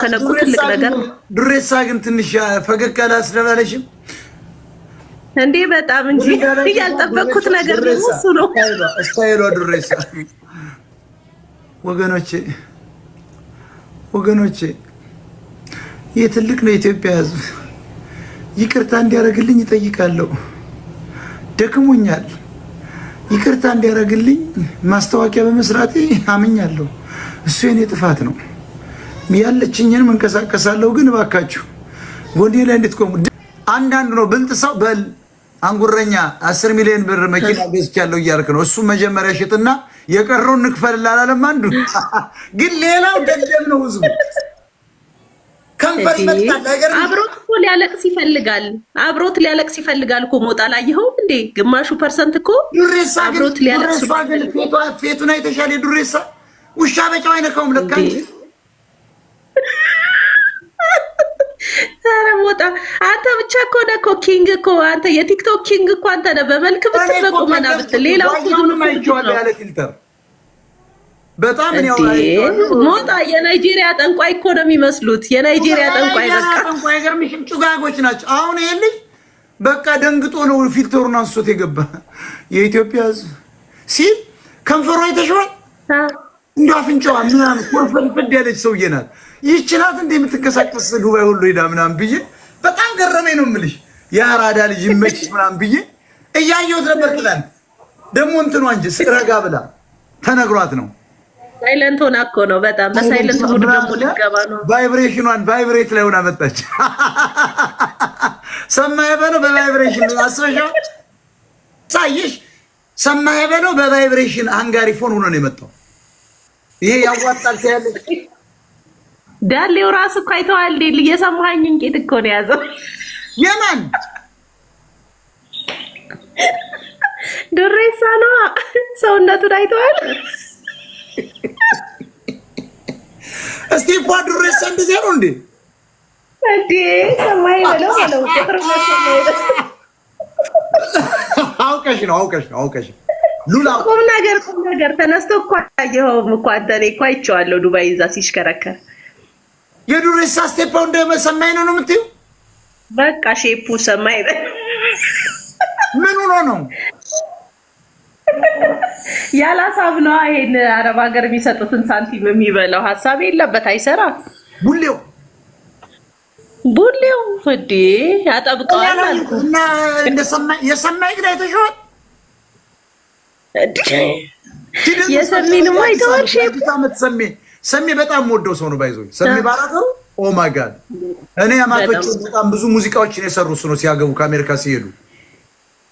ከነኩ ትልቅ ነገር ዱሬሳ ግን ትንሽ ፈገግ ካለ እንዴ? በጣም እንጂ ያልጠበቅኩት ነገር ደግሞ እሱ ነው። ስታይሏ ዱሬሳ ወገኖቼ ወገኖቼ ይህ ትልቅ ነው። የኢትዮጵያ ሕዝብ ይቅርታ እንዲያደርግልኝ ይጠይቃለሁ። ደክሞኛል። ይቅርታ እንዲያደርግልኝ ማስታወቂያ በመስራቴ አምኛለሁ። እሱ የኔ ጥፋት ነው። ያለችኝን መንቀሳቀሳለሁ። ግን እባካችሁ ጎንዴ ላይ እንድትቆሙ። አንዳንድ ነው ብልጥ ሰው በል አንጉረኛ አስር ሚሊዮን ብር መኪና ገዝቻለሁ እያልክ ነው። እሱ መጀመሪያ ሽጥና የቀረውን ንክፈል ላላለም አንዱ ግን ሌላው ደደብ ነው። ህዝቡ ከንፈር ይመጣል። አብሮት እኮ ሊያለቅስ ይፈልጋል። አብሮት ሊያለቅስ ይፈልጋል እኮ ሞጣ ላየኸው እንዴ? ግማሹ ፐርሰንት እኮ ዱሬሳ አብሮት ሊያለቅስ ፌቱን አይተሻል? የዱሬሳ ውሻ በጫው አይነካውም ለካ አንተ ብቻ እኮ ነህ እኮ ኪንግ እኮ አንተ የቲክቶክ ኪንግ እኮ አንተ ነህ። በመልክ ብትል በቁመና ብትል ሌላው በጣም ሞጣ የናይጄሪያ ጠንቋይ እኮ ነው የሚመስሉት። የናይጄሪያ ጠንቋይ በቃ ጠንቋይ ገርምሽም ጭጋጎች ናቸው። አሁን ይሄ ልጅ በቃ ደንግጦ ነው ፊልተሩን አንስቶት የገባ የኢትዮጵያ ህዝብ ሲል ከንፈሯ የተሸዋል እንዲ አፍንጫዋ ምናምን ኮርፈልፍድ ያለች ሰውዬ ናት። ይህች ናት እንደ የምትንቀሳቀስ ጉባኤ ሁሉ ሄዳ ምናምን ብዬ በጣም ገረመኝ ነው የምልሽ። የአራዳ ልጅ ይመችሽ ምናምን ብዬ እያየሁት ነበር። ትላል ደግሞ እንትኗ እንጂ ስረጋ ብላ ተነግሯት ነው። ሳይለንት ሆና እኮ ነው። በጣም በሳይለንት ሆና ደግሞ ልትገባ ነው። ቫይብሬሽኗን ቫይብሬት ላይ ሆና መጣች። ሰማይ በለው በቫይብሬሽን አስበሻው ሳይሽ ሰማይ በለው በቫይብሬሽን አንጋሪ ፎን ሆኖ ነው የመጣው። ይሄ ያዋጣል ትያለሽ ዳሌው ራሱ እኮ አይተዋል። ዴል እየሰማኸኝ እንቄት እኮ ነው ያዘው። የማን ዶሬሳ ነዋ። ሰውነቱን አይተዋል። እስቲ እንኳ ዶሬሳ እንደዚያ ነው እንዴ? እንዴ ሰማኸኝ በለው በለው። አውቀሽ ነው አውቀሽ ነው አውቀሽ ሉላ ቁም ነገር ቁም ነገር ተነስቶ እኮ አየኸውም እኮ አንተ። እኔ እኮ አይቼዋለሁ ዱባይ እዛ ሲሽከረከር የዱር እንስሳ ስቴፓው እንደ ሰማይ ነው ነው የምትይው? በቃ ሼፑ ሰማይ ነው። ምን ሆኖ ነው ያለ ሀሳብ ነው። ይሄን አረብ ሀገር የሚሰጡትን ሳንቲም የሚበላው ሀሳብ የለበት፣ አይሰራ ቡሌው ቡሌው እዴ ያጠብቀዋል አልኩ እና የሰማይ ግን አይተሽዋል። የሰሚንማ አይተዋል ሼፑ ሰሜ በጣም ወደው ሰው ነው ባይዞ ሰሜ ባላገሩ ኦ ማይ ጋድ እኔ አማቾቼ በጣም ብዙ ሙዚቃዎችን የሰሩ እሱ ነው ሲያገቡ ከአሜሪካ ሲሄዱ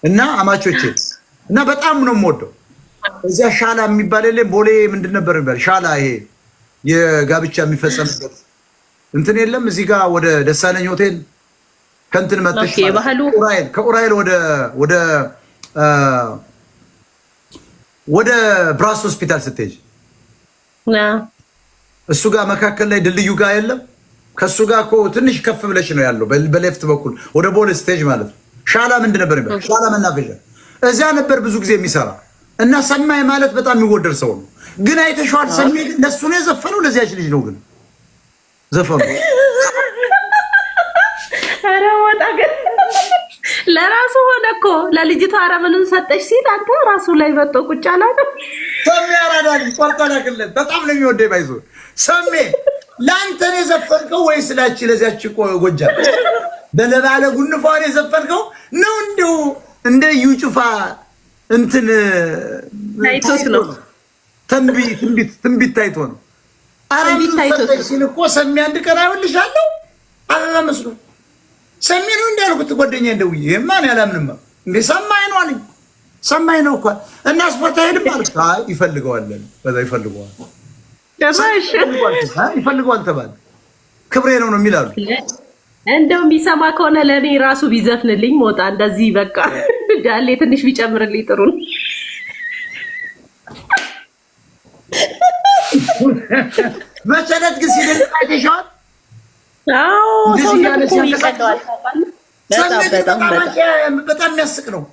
እና አማቾቼ እና በጣም ነው የምወደው። እዚያ ሻላ የሚባል የለም ቦሌ ምንድን ነበር የሚባል ሻላ ይሄ የጋብቻ የሚፈጸምበት እንትን የለም። እዚህ ጋር ወደ ደሳለኝ ሆቴል ከእንትን መጥተሽ ከኡራኤል ወደ ወደ ወደ ብራስ ሆስፒታል ስትሄጅ እሱ ጋር መካከል ላይ ድልድዩ ጋር የለም። ከእሱ ጋር እኮ ትንሽ ከፍ ብለሽ ነው ያለው፣ በሌፍት በኩል ወደ ቦል ስቴጅ ማለት ነው። ሻላ ምንድን ነበር ይባል ሻላ መናፈሻ፣ እዚያ ነበር ብዙ ጊዜ የሚሰራ እና ሰማይ ማለት በጣም የሚወደድ ሰው ነው። ግን አይተሸዋል። ሰሜ ለእሱ ነው የዘፈነው፣ ለዚያች ልጅ ነው ግን ዘፈኑ ለራሱ ሆነ እኮ ለልጅቱ አረምንን ሰጠች ሲል አንተ ራሱ ላይ መጥቶ ቁጭ አላለም። ሰሚ አራዳ ልጅ በጣም ነው የሚወደኝ ባይዞ ሰሜ ለአንተ ነው የዘፈንከው ወይ ስላች ለዚያች ጎጃ በለባለ ጉንፋን የዘፈንከው ነው? እንደው እንደ ዩጩፋ እንትን ታይቶት ነው ትንቢት ታይቶ ነው። አራሚታይቶሲን እኮ ሰሜ አንድ ቀን አይወልሻለሁ አበባ መስሎ ሰሜ ነው እንዳልኩት ጓደኛ እንደውዬ የማን ያላምንማ እንዴ ሰማይ ነው አለኝ። ሰማይ ነው እኳ እና ስፖርት አይሄድም አልክ? ይፈልገዋለን በዛ ይፈልገዋል ይፈልጓል ተባለ። ክብሬ ነው ነው የሚላሉ። እንደው የሚሰማ ከሆነ ለእኔ ራሱ ቢዘፍንልኝ ሞጣ እንደዚህ በቃ ዳሌ ትንሽ ቢጨምርልኝ ጥሩ ነው። መሰረት ግን ሲደል አይተሽዋል። በጣም የሚያስቅ ነው።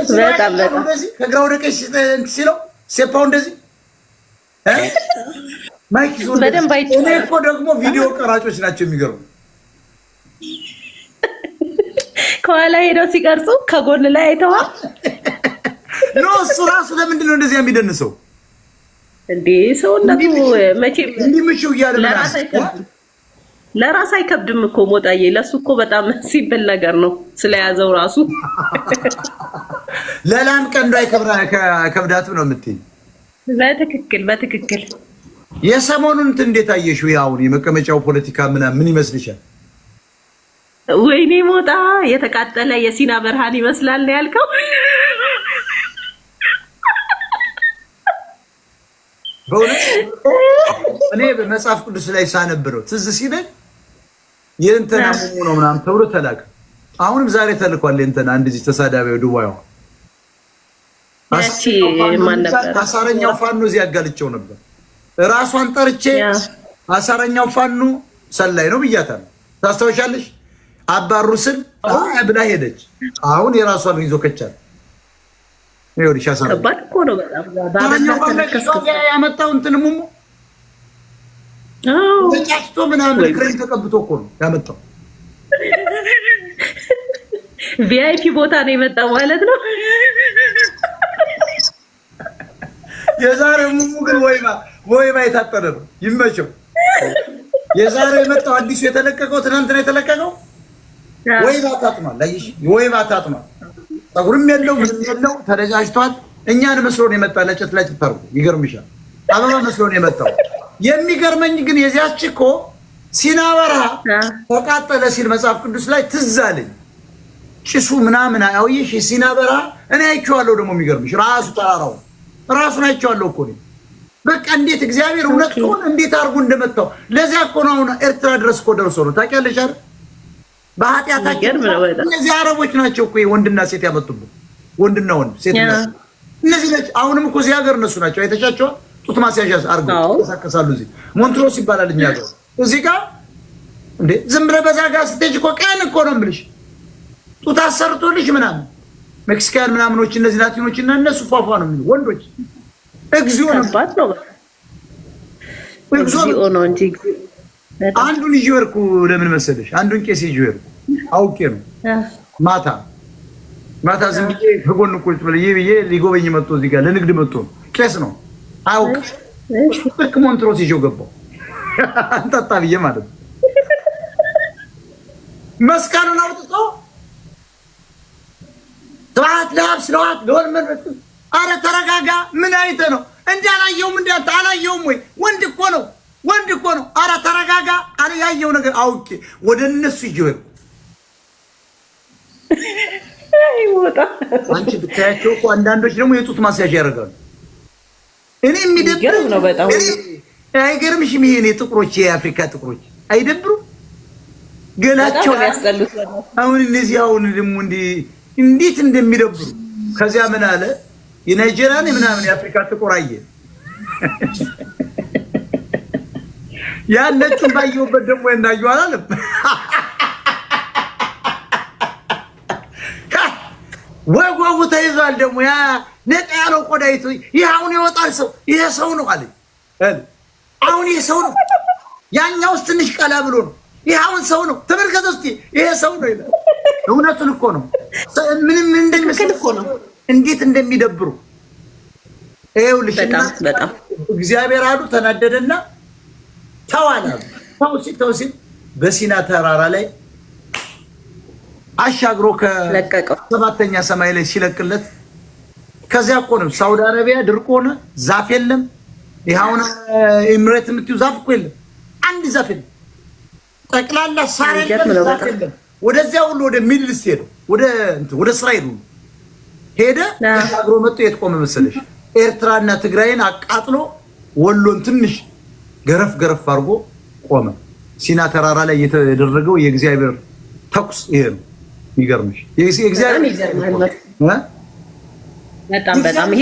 በጣም ከግራ ወደ ቀኝ ሲለው ሴፓው እንደዚህ ማይክ እኔ እኮ ደግሞ ቪዲዮ ቀራጮች ናቸው የሚገሩ ከኋላ ሄደው ሲቀርጹ ከጎን ላይ አይተዋል። ኖ እሱ ራሱ ለምንድን ነው እንደዚያ የሚደንሰው? እንዴ ሰውነቱ መቼም እያለ ለራስ አይከብድም እኮ ሞጣዬ። ለሱ እኮ በጣም ሲብል ነገር ነው ስለያዘው ራሱ ለላም ቀንዱ አይከብዳትም ነው የምትይኝ በትክክል በትክክል የሰሞኑን እንዴት አየሽው? አሁን የመቀመጫው ፖለቲካ ምናምን ምን ይመስልሻል? ወይኔ ሞጣ የተቃጠለ የሲና ብርሃን ይመስላል ያልከው በእውነት እኔ ቅዱስ ላይ ሳነብረው ትዝ ሲለኝ የእንትና ሙሙ ነው ምናምን ተብሎ ተላከ። አሁንም ዛሬ ተልኳል። የእንትና አንድ ዱባይዋ አሳረኛው ፋኖ እዚህ ያጋልቸው ነበር። ራሷን ጠርቼ አሳረኛው ፋኖ ሰላይ ነው ብያታለሁ። ታስታውሻለሽ? አባሩ ስል ብላ ሄደች። አሁን የራሷን ይዞ ከቻል ያመጣው እንትን ሙሙ ተጫጭቶ ምናምን ክሬን ተቀብቶ እኮ ነው ያመጣው። ቪአይፒ ቦታ ነው የመጣው ማለት ነው። የዛሬው ሙሙ ግን ወይባ ወይባ የታጠረ ነው። ይመቸው። የዛሬው የመጣው አዲሱ የተለቀቀው ትናንትና የተለቀቀው ወይባ ታጥሟል። አየሽ፣ ወይባ ታጥሟል። ጸጉርም የለው ምንም የለው ተደጃጅቷል። እኛን መስሎን የመጣ ለጭት ለጭት ተርጎ ይገርምሻል። አበባ መስሎን የመጣው የሚገርመኝ ግን የዚያች እኮ ሲናበራ ተቃጠለ ሲል መጽሐፍ ቅዱስ ላይ ትዝ አለኝ። ጭሱ ምናምን አውይሽ ሲናበራ እኔ አይቼዋለሁ። ደግሞ የሚገርምሽ ራሱ ተራራው ራሱን አይቼዋለሁ እኮ በቃ እንዴት እግዚአብሔር እውነት ከሆነ እንዴት አድርጎ እንደመጣው ለዚያ እኮ ነው አሁን ኤርትራ ድረስ እኮ ደርሶ ነው። ታውቂያለሽ አይደል? በኃጢአታቸው እነዚህ አረቦች ናቸው እኮ ወንድና ሴት ያመጡብን፣ ወንድና ወንድ ሴት እነዚህ ነች። አሁንም እኮ እዚህ ሀገር እነሱ ናቸው። አይተሻቸዋል? ጡት ማስያዣ አድርገው ይንቀሳቀሳሉ። እዚህ ሞንትሮስ ይባላል እኛ ጋር። እዚህ ጋር እንዴ ዝም ብለህ በዛ ጋር ስትሄጂ እኮ ቀን እኮ ነው የምልሽ ጡት አሰርቶልሽ ምናምን ሜክሲካን ምናምኖች እነዚህ ላቲኖች እና እነሱ ፏፏ ነው የሚሉ ወንዶች እግዚኦ ነው ነው እንጂ አንዱን ይዤ ወርኩ። ለምን መሰለሽ አንዱን ቄስ ይዤ ወርኩ። አውቄ ነው ማታ ማታ ዝም ብዬ ከጎን ቁጭ ብዬ ብዬ ሊጎበኝ መጥቶ እዚህ ጋር ለንግድ መጥቶ ነው ቄስ ነው አውቅ ፍርክ ሞንትሮስ ይዤው ገባው አንጠጣ ብዬ ማለት ነው መስቀሉን አውጥ ለአብ ለአብ ስለዋት ለወልድ መንፈስ አረ ተረጋጋ። ምን አይተ ነው? አላየውም እንዲ አላየውም ወይ? ወንድ እኮ ነው፣ ወንድ እኮ ነው። አረ ተረጋጋ። አረ ያየው ነገር አውቄ ወደ እነሱ እየወል አንቺ ብታያቸው እኮ አንዳንዶች ደግሞ የጡት ማስያዥ ያደርጋሉ። እኔ የሚደብር ነው በጣም አይገርምሽም? ይሄ እኔ ጥቁሮች፣ የአፍሪካ ጥቁሮች አይደብሩም ገላቸው ያስጠሉት። አሁን እነዚህ አሁን ደግሞ እንዲህ እንዴት እንደሚደብሩ ከዚያ ምን አለ የናይጄሪያን ምናምን የአፍሪካ ጥቁር አየ ያን ነጩን ባየሁበት ደግሞ የናዩ አላለም ወይ ወጉ ተይዟል ደግሞ ያ ነጣ ያለው ቆዳ ይቶ ይህ አሁን ይወጣል ሰው ይሄ ሰው ነው አለ አሁን ይሄ ሰው ነው ያኛውስ ትንሽ ቀላ ብሎ ነው ይህ አሁን ሰው ነው ተመልከተ ውስጥ ይሄ ሰው ነው ይላል እውነቱን እኮ ነው። ምንም እንደሚመስል እኮ ነው። እንዴት እንደሚደብሩ ይኸውልሽ። እግዚአብሔር አሉ ተናደደና ተዋለ። ተው ሲል ተው ሲል በሲና ተራራ ላይ አሻግሮ ከሰባተኛ ሰማይ ላይ ሲለቅለት ከዚያ እኮ ነው ሳውዲ አረቢያ ድርቅ ሆነ። ዛፍ የለም። ይኸውን ኤምሬት የምትይው ዛፍ እኮ የለም። አንድ ዛፍ የለም። ጠቅላላ ሳር የለም። ዛፍ የለም። ወደዚያ ሁሉ ወደ ሚድል ስቴት ወደ እንትን ወደ እስራኤል ሁሉ ሄደ። ተሻግሮ መጥቶ የት ቆመ መሰለሽ? ኤርትራና ትግራይን አቃጥሎ ወሎን ትንሽ ገረፍ ገረፍ አድርጎ ቆመ። ሲና ተራራ ላይ የተደረገው የእግዚአብሔር ተኩስ ይሄ ነው። ይገርምሽ በጣም በጣም እኮ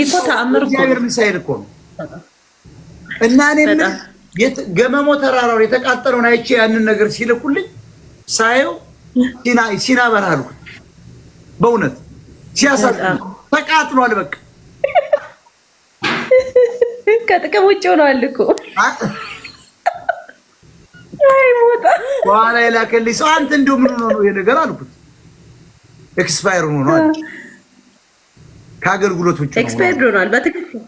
እግዚአብሔር ነው። እና እኔ ገመሞ ተራራውን የተቃጠለውን አይቼ ያንን ነገር ሲልኩልኝ ሳየው ሲና በረሃ አልኩት። በእውነት ሲያሳቅ ተቃጥሏል። በቃ ከጥቅም ውጭ ሆኗል እኮ በኋላ የላከልኝ ሰው አንተ እንደው ምን ሆኖ ነው ይሄ ነገር አልኩት። ኤክስፓየር ሆኗል፣ ከአገልግሎት ውጭ ኤክስፓየር ሆኗል በትክክል